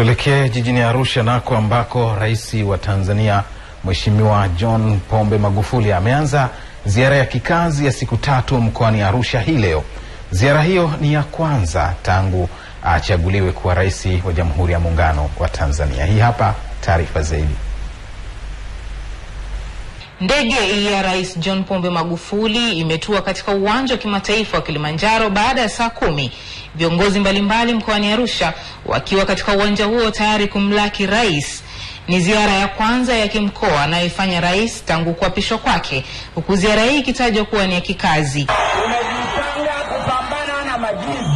Tuelekee jijini Arusha nako ambako rais wa Tanzania Mheshimiwa John Pombe Magufuli ameanza ziara ya kikazi ya siku tatu mkoani Arusha hii leo. Ziara hiyo ni ya kwanza tangu achaguliwe kuwa rais wa Jamhuri ya Muungano wa Tanzania. Hii hapa taarifa zaidi. Ndege ya Rais John Pombe Magufuli imetua katika uwanja wa kimataifa wa Kilimanjaro baada ya saa kumi viongozi mbalimbali mkoani Arusha wakiwa katika uwanja huo tayari kumlaki rais. Ni ziara ya kwanza ya kimkoa anayoifanya rais tangu kuapishwa kwake, huku ziara hii ikitajwa kuwa ni ya kikazi. Tumejipanga kupambana na majizi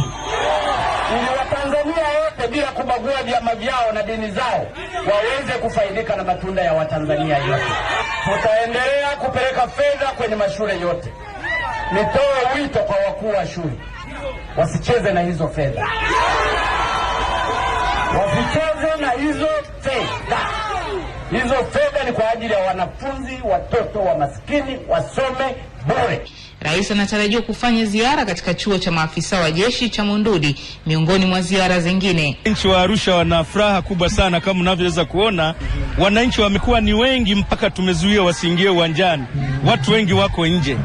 ili Watanzania wote bila kubagua vyama vyao na dini zao waweze kufaidika na matunda ya Watanzania yote. Tutaendelea kupeleka fedha kwenye mashule yote. Nitoa wito kwa wakuu wa shule wasicheze na hizo fedha, wasicheze na hizo fedha. Hizo fedha ni kwa ajili ya wanafunzi, watoto wa maskini wasome bure. Rais anatarajiwa kufanya ziara katika chuo cha maafisa wa jeshi cha Monduli miongoni mwa ziara zingine. Nchi wa Arusha wana furaha kubwa sana kama unavyoweza kuona wananchi wamekuwa ni wengi mpaka tumezuia wasiingie uwanjani, watu wengi wako nje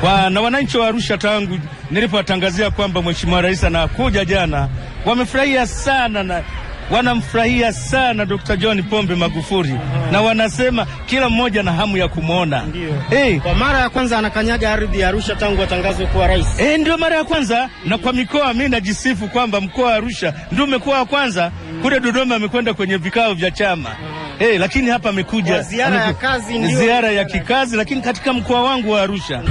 kwa, na wananchi wa Arusha tangu nilipowatangazia kwamba mheshimiwa rais anakuja jana, wamefurahia sana na wanamfurahia sana Dr. John Pombe Magufuli Aha. na wanasema kila mmoja na hamu ya kumwona hey. Eh. Kwa mara ya kwanza anakanyaga ardhi ya Arusha tangu atangazwe kuwa rais hey, eh, ndio mara ya kwanza mm. na kwa mikoa, mimi najisifu kwamba mkoa wa Arusha ndio umekuwa wa kwanza mm. kule Dodoma amekwenda kwenye vikao vya chama mm hey, eh, lakini hapa amekuja ziara ya kazi, ndio ziara ya kikazi, lakini katika mkoa wangu wa Arusha.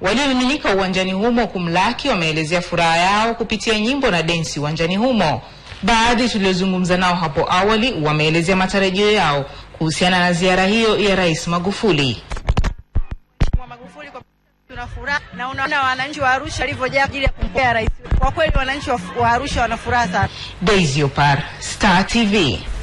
Waliomiminika uwanjani humo kumlaki wameelezea furaha yao kupitia nyimbo na densi uwanjani humo. Baadhi tuliozungumza nao hapo awali wameelezea matarajio yao kuhusiana na ziara hiyo ya Rais Magufuli. Magufuli, tuna furaha na unaona wananchi wa Arusha walivyojaa ajili ya kumpea rais. Kwa kweli wananchi wa Arusha wanafuraha sana. Daisy Opar, Star TV.